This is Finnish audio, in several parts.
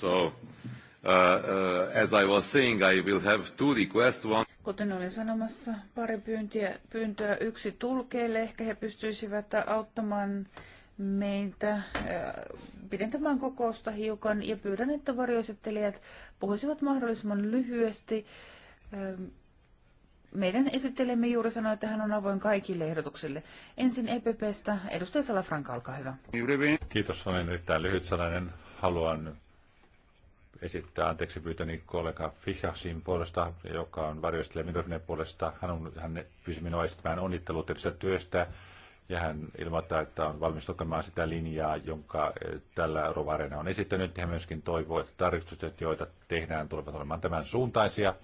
So, uh, uh, as I was saying, I will have two requests. One... Kuten olin sanomassa, pari pyyntiä, pyyntöä yksi tulkeille. Ehkä he pystyisivät auttamaan meitä uh, pidentämään kokousta hiukan ja pyydän, että varjoesittelijät puhuisivat mahdollisimman lyhyesti. Um, meidän esittelemme juuri sanoi, että hän on avoin kaikille ehdotuksille. Ensin EPPstä, edustaja Salafranka, olkaa hyvä. Kiitos, olen erittäin lyhyt sananen. Haluan esittää anteeksi pyytäni kollega Fichasin puolesta, joka on varjoistelija Mikrofinen puolesta. Hän, on, hän pyysi minua esittämään onnittelut työstä ja hän ilmoittaa, että on valmis tukemaan sitä linjaa, jonka eh, tällä Rovarena on esittänyt. Hän myöskin toivoo, että tarkistukset, joita tehdään, tulevat olemaan tämän suuntaisia,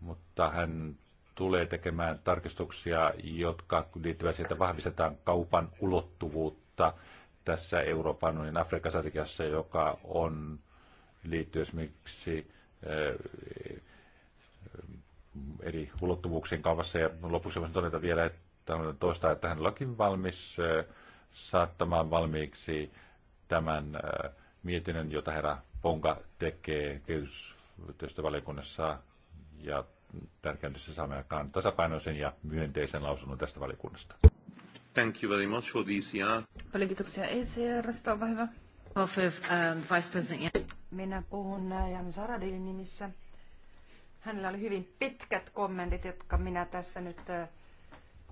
mutta hän tulee tekemään tarkistuksia, jotka liittyvät siihen, että vahvistetaan kaupan ulottuvuutta tässä Euroopan unionin Afrikan strategiassa, joka on liittyy esimerkiksi eh, eri ulottuvuuksien kaavassa. Ja lopuksi voisin todeta vielä, että on toista, että hän on valmis eh, saattamaan valmiiksi tämän eh, mietinnön, jota herra Ponka tekee kehitystyöstövaliokunnassa ja tärkeintä saamme aikaan tasapainoisen ja myönteisen lausunnon tästä valiokunnasta. Thank you very much for the ECR. Paljon kiitoksia ECRstä, olkaa hyvä. Of, um, Vice President. Minä puhun äh, Jan Saradin nimissä. Hänellä oli hyvin pitkät kommentit, jotka minä tässä nyt äh,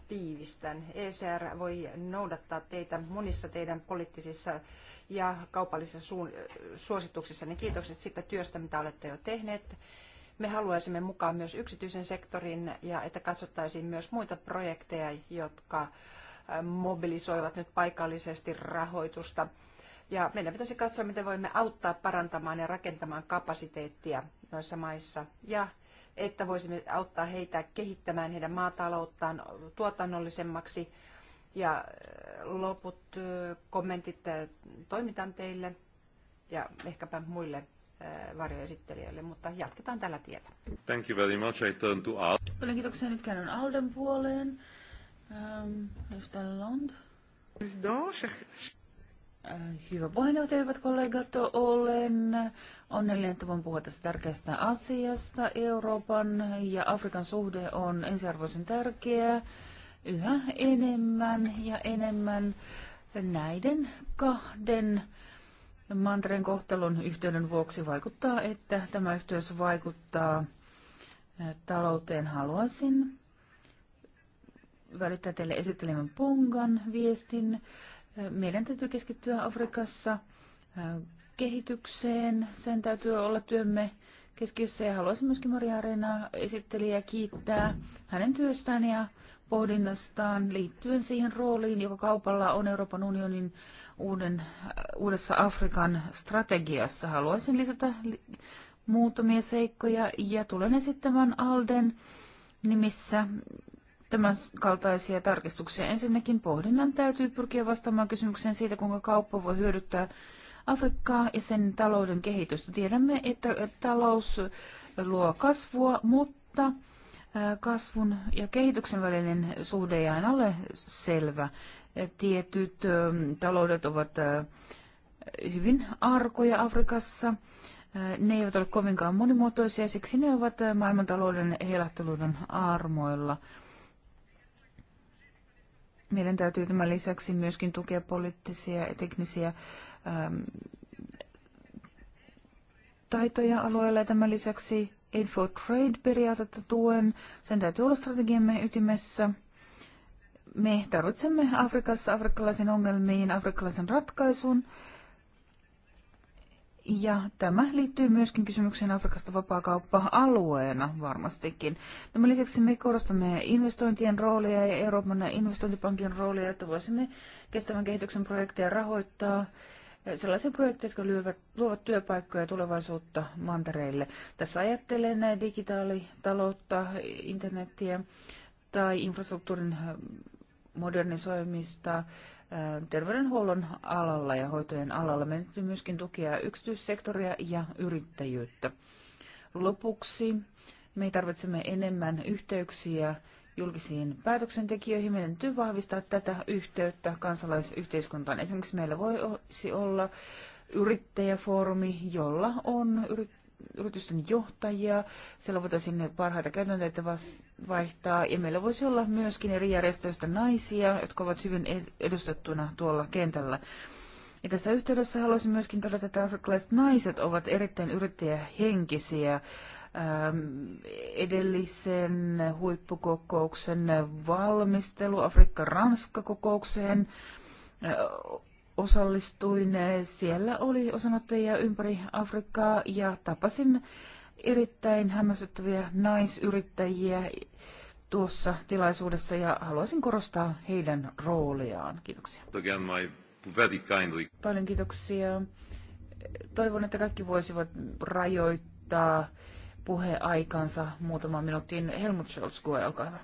tiivistän. ECR voi noudattaa teitä monissa teidän poliittisissa ja kaupallisissa äh, suosituksissa. Niin kiitokset siitä työstä, mitä olette jo tehneet. Me haluaisimme mukaan myös yksityisen sektorin ja että katsottaisiin myös muita projekteja, jotka mobilisoivat nyt paikallisesti rahoitusta ja meidän pitäisi katsoa, miten voimme auttaa parantamaan ja rakentamaan kapasiteettia noissa maissa ja että voisimme auttaa heitä kehittämään heidän maatalouttaan tuotannollisemmaksi. Ja äh, loput äh, kommentit äh, toimitan teille ja ehkäpä muille varjoesittelijöille, mutta jatketaan tällä tiellä. Thank you very much. I turn to Al. Paljon kiitoksia. Nyt käännän Alden puoleen. Ähm, Lund. Äh, hyvä puheenjohtaja, hyvät kollegat, olen onnellinen, että voin puhua tästä tärkeästä asiasta. Euroopan ja Afrikan suhde on ensiarvoisen tärkeä yhä enemmän ja enemmän näiden kahden mantereen kohtelun yhteyden vuoksi vaikuttaa, että tämä yhteys vaikuttaa äh, talouteen. Haluaisin välittää teille esittelemän Pongan viestin meidän täytyy keskittyä Afrikassa kehitykseen. Sen täytyy olla työmme keskiössä ja haluaisin myöskin Maria Arena esittelijä kiittää hänen työstään ja pohdinnastaan liittyen siihen rooliin, joka kaupalla on Euroopan unionin uuden, uudessa Afrikan strategiassa. Haluaisin lisätä muutamia seikkoja ja tulen esittämään Alden nimissä tämän kaltaisia tarkistuksia. Ensinnäkin pohdinnan täytyy pyrkiä vastaamaan kysymykseen siitä, kuinka kauppa voi hyödyttää Afrikkaa ja sen talouden kehitystä. Tiedämme, että talous luo kasvua, mutta kasvun ja kehityksen välinen suhde ei aina ole selvä. Tietyt taloudet ovat hyvin arkoja Afrikassa. Ne eivät ole kovinkaan monimuotoisia, siksi ne ovat maailmantalouden heilahteluiden armoilla. Meidän täytyy tämän lisäksi myöskin tukea poliittisia ja teknisiä äm, taitoja alueella tämän lisäksi Aid for Trade-periaatetta tuen. Sen täytyy olla strategiamme ytimessä. Me tarvitsemme Afrikassa afrikkalaisen ongelmiin, afrikkalaisen ratkaisun. Ja tämä liittyy myöskin kysymykseen Afrikasta vapaakauppa-alueena varmastikin. Tämän lisäksi me korostamme investointien roolia ja Euroopan investointipankin roolia, että voisimme kestävän kehityksen projekteja rahoittaa eh, sellaisia projekteja, jotka lyövät, luovat työpaikkoja ja tulevaisuutta mantereille. Tässä ajattelen digitaalitaloutta, internettiä tai infrastruktuurin eh, modernisoimista, terveydenhuollon alalla ja hoitojen alalla. Meidän myöskin tukea yksityissektoria ja yrittäjyyttä. Lopuksi me tarvitsemme enemmän yhteyksiä julkisiin päätöksentekijöihin. Meidän täytyy vahvistaa tätä yhteyttä kansalaisyhteiskuntaan. Esimerkiksi meillä voisi olla yrittäjäfoorumi, jolla on yrittäjä yritysten johtajia. Siellä voitaisiin parhaita käytänteitä vaihtaa. Ja meillä voisi olla myöskin eri järjestöistä naisia, jotka ovat hyvin edustettuna tuolla kentällä. Ja tässä yhteydessä haluaisin myöskin todeta, että afrikkalaiset naiset ovat erittäin yrittäjähenkisiä. Ähm, edellisen huippukokouksen valmistelu Afrikka-Ranska-kokoukseen äh, osallistuin. Siellä oli osanottajia ympäri Afrikkaa ja tapasin erittäin hämmästyttäviä naisyrittäjiä tuossa tilaisuudessa ja haluaisin korostaa heidän rooliaan. Kiitoksia. Paljon kiitoksia. Toivon, että kaikki voisivat rajoittaa puheaikansa muutaman minuutin. Helmut Scholz, QE, olkaa hyvä.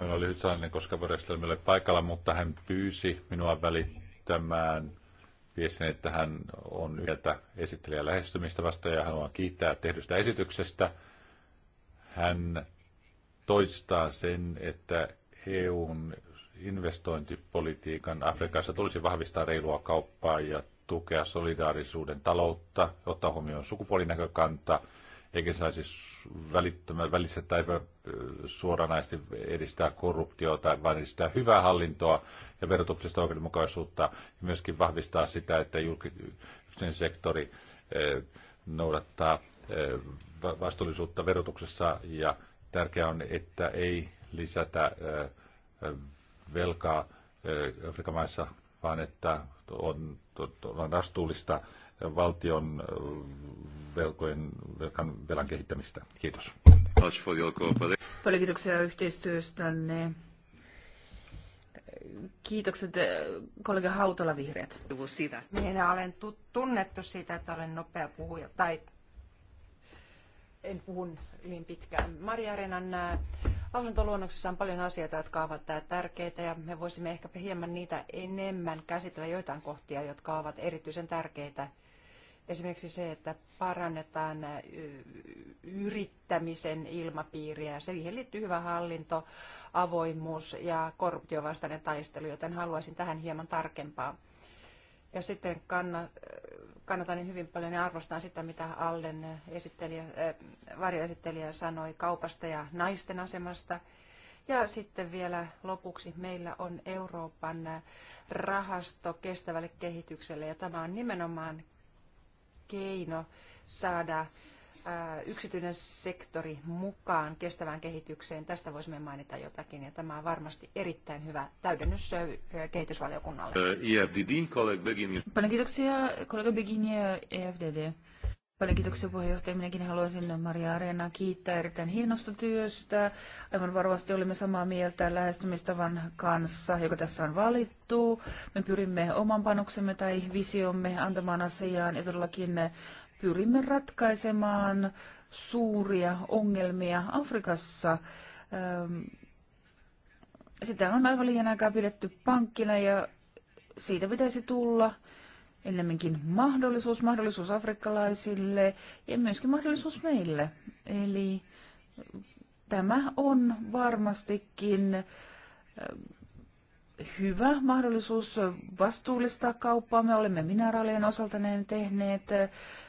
Meillä oli lyhyt saarinen, koska oli paikalla, mutta hän pyysi minua välittämään esittämään viestin, että hän on yhdeltä esittelijä lähestymistä vasta ja haluan kiittää tehdystä esityksestä. Hän toistaa sen, että EUn investointipolitiikan Afrikassa tulisi vahvistaa reilua kauppaa ja tukea solidaarisuuden taloutta, ottaa huomioon sukupuolinäkökanta, eikä saisi välittömän välissä tai suoranaisesti edistää korruptiota, vaan edistää hyvää hallintoa ja verotuksesta oikeudenmukaisuutta ja myöskin vahvistaa sitä, että julkinen sektori noudattaa vastuullisuutta verotuksessa ja tärkeää on, että ei lisätä velkaa Afrikan maissa, vaan että on, on vastuullista valtion äh, velkojen, velkan, velan kehittämistä. Kiitos. Paljon kiitoksia yhteistyöstänne. Kiitokset äh, kollega Hautala Vihreät. Minä olen tunnettu siitä, että olen nopea puhuja tai en puhun hyvin pitkään. Maria Arenan äh, lausuntoluonnoksessa on paljon asioita, jotka ovat tärkeitä ja me voisimme ehkä hieman niitä enemmän käsitellä joitain kohtia, jotka ovat erityisen tärkeitä – Esimerkiksi se, että parannetaan yrittämisen ilmapiiriä. Siihen liittyy hyvä hallinto, avoimuus ja korruptiovastainen taistelu, joten haluaisin tähän hieman tarkempaa. Ja sitten kannatan niin hyvin paljon ja arvostan sitä, mitä Allen esittelijä, varjoesittelijä sanoi kaupasta ja naisten asemasta. Ja sitten vielä lopuksi meillä on Euroopan rahasto kestävälle kehitykselle ja tämä on nimenomaan keino saada yksityinen sektori mukaan kestävään kehitykseen. Tästä voisimme mainita jotakin ja tämä on varmasti erittäin hyvä täydennys kehitysvaliokunnalle. E kollega Paljon kiitoksia kollega Begin EFDD. Paljon kiitoksia puheenjohtaja. Minäkin haluaisin Maria Areenaa kiittää erittäin hienosta työstä. Aivan varmasti olimme samaa mieltä lähestymistavan kanssa, joka tässä on valittu. Me pyrimme oman panoksemme tai visiomme antamaan asiaan ja todellakin pyrimme ratkaisemaan suuria ongelmia Afrikassa. Sitä on aivan liian aikaa pidetty pankkina ja siitä pitäisi tulla ennemminkin mahdollisuus, mahdollisuus afrikkalaisille ja myöskin mahdollisuus meille. Eli tämä on varmastikin äh, hyvä mahdollisuus vastuullistaa kauppaa. Me olemme mineraalien osalta näin tehneet.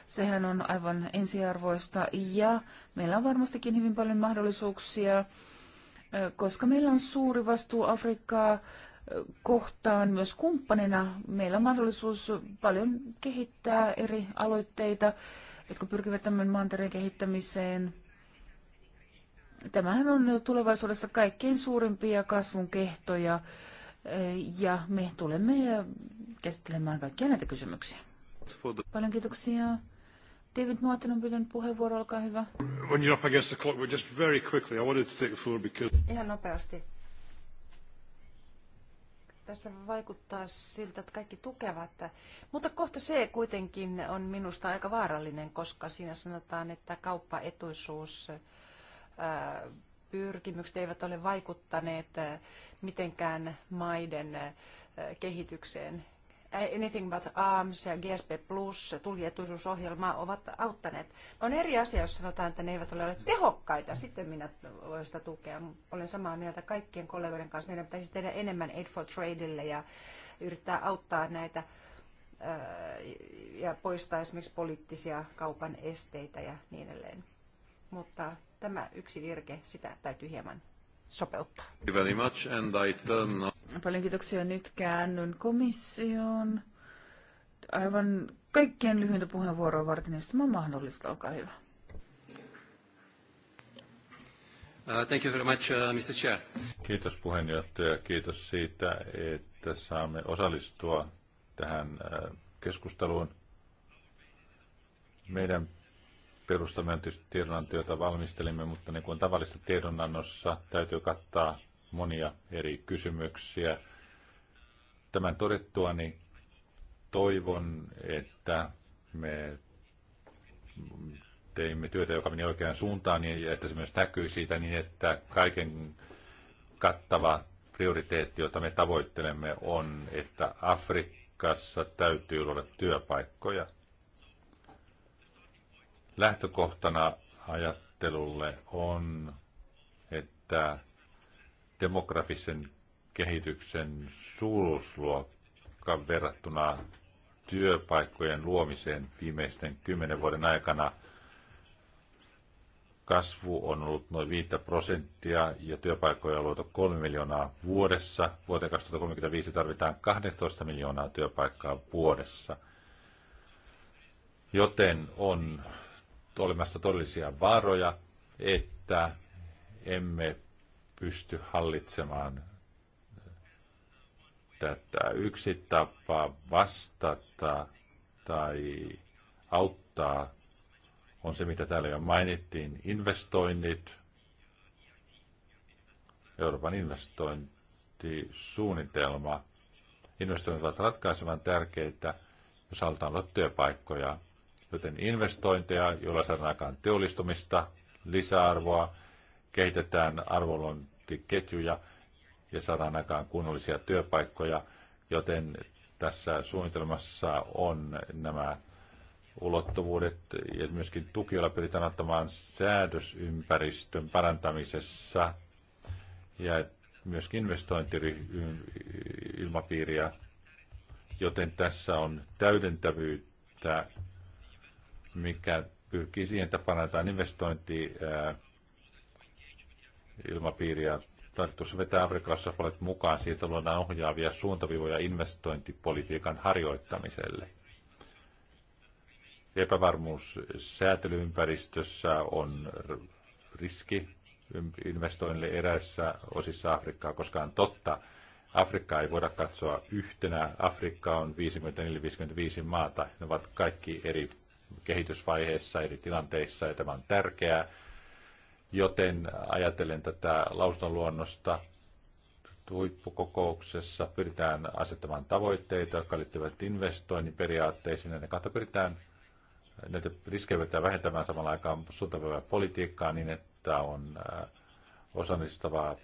Sehän on aivan ensiarvoista ja meillä on varmastikin hyvin paljon mahdollisuuksia, äh, koska meillä on suuri vastuu Afrikkaa kohtaan myös kumppanina. Meillä on mahdollisuus paljon kehittää eri aloitteita, jotka pyrkivät tämän mantereen kehittämiseen. Tämähän on tulevaisuudessa kaikkein suurimpia kasvun kehtoja ja me tulemme käsittelemään kaikkia näitä kysymyksiä. Paljon kiitoksia. David Muotin on pyytänyt puheenvuoro, olkaa hyvä. When you're up against the clock, we're just very quickly. I wanted to take the floor because... Ihan nopeasti tässä vaikuttaa siltä, että kaikki tukevat. Mutta kohta se kuitenkin on minusta aika vaarallinen, koska siinä sanotaan, että kauppaetuisuus pyrkimykset eivät ole vaikuttaneet mitenkään maiden kehitykseen. Anything But Arms ja GSP Plus, tulkietuisuusohjelma ovat auttaneet. On eri asia, jos sanotaan, että ne eivät ole olleet tehokkaita. Sitten minä voin sitä tukea. Olen samaa mieltä kaikkien kollegoiden kanssa. Meidän pitäisi tehdä enemmän Aid for Tradeille ja yrittää auttaa näitä ja poistaa esimerkiksi poliittisia kaupan esteitä ja niin edelleen. Mutta tämä yksi virke, sitä täytyy hieman sopeuttaa. Very much and I turn... Paljon kiitoksia. Nyt käännyn komissioon. Aivan kaikkien lyhyintä puheenvuoroa varten, jos tämä on mahdollista, olkaa hyvä. Uh, thank you very much, uh, Mr. Chair. Kiitos puheenjohtaja. Kiitos siitä, että saamme osallistua tähän uh, keskusteluun. Meidän perustamme tiedonanto, jota valmistelimme, mutta niin kuin tavallista tiedonannossa täytyy kattaa monia eri kysymyksiä. Tämän niin toivon, että me teimme työtä, joka meni oikeaan suuntaan, niin että se myös näkyy siitä niin, että kaiken kattava prioriteetti, jota me tavoittelemme, on, että Afrikassa täytyy luoda työpaikkoja. Lähtökohtana ajattelulle on, että demografisen kehityksen suuruusluokka verrattuna työpaikkojen luomiseen viimeisten kymmenen vuoden aikana kasvu on ollut noin 5 prosenttia ja työpaikkoja on luotu 3 miljoonaa vuodessa. Vuoteen 2035 tarvitaan 12 miljoonaa työpaikkaa vuodessa. Joten on olemassa todellisia vaaroja, että emme pysty hallitsemaan tätä. Yksi tapa vastata tai auttaa on se, mitä täällä jo mainittiin, investoinnit, Euroopan investointisuunnitelma. Investoinnit ovat ratkaisevan tärkeitä, jos halutaan olla työpaikkoja Joten investointeja, joilla saadaan aikaan teollistumista, lisäarvoa, kehitetään arvonluontiketjuja ja saadaan aikaan kunnollisia työpaikkoja, joten tässä suunnitelmassa on nämä ulottuvuudet ja myöskin tuki, jolla pyritään ottamaan säädösympäristön parantamisessa ja myöskin investointiilmapiiriä, joten tässä on täydentävyyttä mikä pyrkii siihen, että parannetaan investointi ilmapiiriä. Tarkoitus vetää Afrikassa paljon mukaan siitä luodaan ohjaavia suuntavivoja investointipolitiikan harjoittamiselle. Epävarmuus säätelyympäristössä on riski investoinnille eräissä osissa Afrikkaa, koska on totta, Afrikkaa ei voida katsoa yhtenä. Afrikka on 54-55 maata. Ne ovat kaikki eri kehitysvaiheessa eri tilanteissa, ja tämä on tärkeää. Joten ajatellen tätä lausunnonluonnosta huippukokouksessa pyritään asettamaan tavoitteita, jotka liittyvät investoinnin periaatteisiin, ja ne kautta pyritään näitä riskejä vähentämään samalla aikaan suuntapäivää politiikkaa niin, että on äh, osallistavaa äh,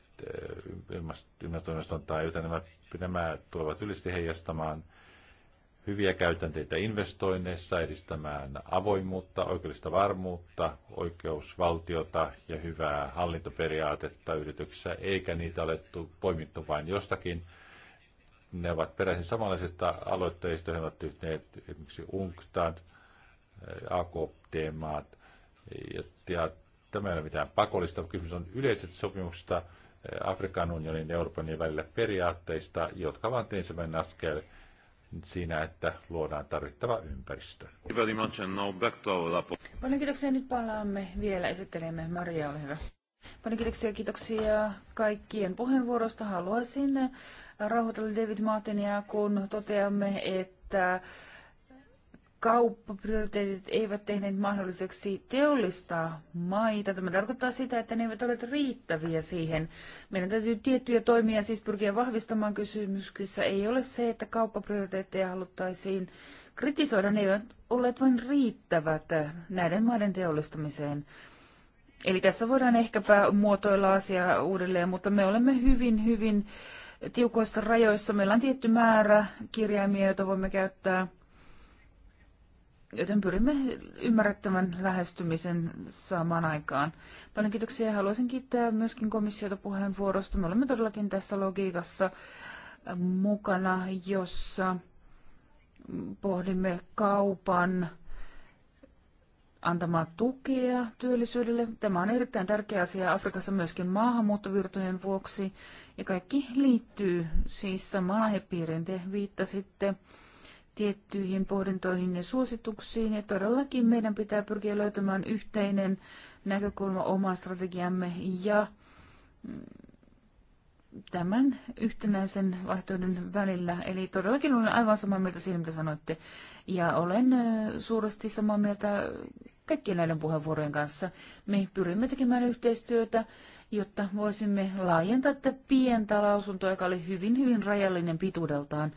ilmastoinnistontaa, joten nämä, nämä tulevat ylisti heijastamaan – hyviä käytänteitä investoinneissa, edistämään avoimuutta, oikeudellista varmuutta, oikeusvaltiota ja hyvää hallintoperiaatetta yrityksessä, eikä niitä ole poimittu vain jostakin. Ne ovat peräisin samanlaisista aloitteista, he ovat tyhneet esimerkiksi UNCTAD, eh, AKOP-teemaat, Ja, ja tämä ei ole mitään pakollista, kysymys on yleisestä sopimuksesta eh, Afrikan unionin ja Euroopan unionin välillä periaatteista, jotka ovat ensimmäinen askel – siinä, että luodaan tarvittava ympäristö. Paljon kiitoksia. Nyt palaamme vielä esittelemme. Maria, ole hyvä. Paljon kiitoksia, kiitoksia kaikkien puheenvuorosta. Haluaisin rauhoitella David Martinia, kun toteamme, että kauppaprioriteetit eivät tehneet mahdolliseksi teollistaa maita. Tämä tarkoittaa sitä, että ne eivät ole riittäviä siihen. Meidän täytyy tiettyjä toimia siis pyrkiä vahvistamaan kysymyksissä. Ei ole se, että kauppaprioriteetteja haluttaisiin kritisoida. Ne eivät olleet vain riittävät näiden maiden teollistamiseen. Eli tässä voidaan ehkäpä muotoilla asiaa uudelleen, mutta me olemme hyvin, hyvin tiukoissa rajoissa. Meillä on tietty määrä kirjaimia, joita voimme käyttää – Joten pyrimme ymmärrettävän lähestymisen saamaan aikaan. Paljon kiitoksia ja haluaisin kiittää myöskin komissiota puheenvuorosta. Me olemme todellakin tässä logiikassa äh, mukana, jossa pohdimme kaupan antamaa tukea työllisyydelle. Tämä on erittäin tärkeä asia Afrikassa myöskin maahanmuuttovirtojen vuoksi. Ja kaikki liittyy siis samaan aihepiiriin. Te viittasitte tiettyihin pohdintoihin ja suosituksiin. Ja todellakin meidän pitää pyrkiä löytämään yhteinen näkökulma omaa strategiamme ja mm, tämän yhtenäisen vaihtoehdon välillä. Eli todellakin olen aivan samaa mieltä siinä, mitä sanoitte. Ja olen suuresti samaa mieltä kaikkien näiden puheenvuorojen kanssa. Me pyrimme tekemään yhteistyötä, jotta voisimme laajentaa tätä pientä lausuntoa, joka oli hyvin, hyvin rajallinen pituudeltaan.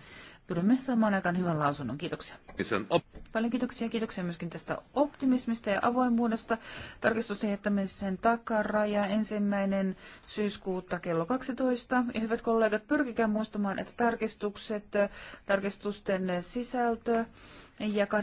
Pyrimme saamaan aikaan hyvän lausunnon. Kiitoksia. Paljon kiitoksia. Kiitoksia myöskin tästä optimismista ja avoimuudesta. tarkistus, sen takaraja ensimmäinen syyskuuta kello 12. Ja hyvät kollegat, pyrkikää muistamaan, että tarkistukset, tarkistusten sisältö ja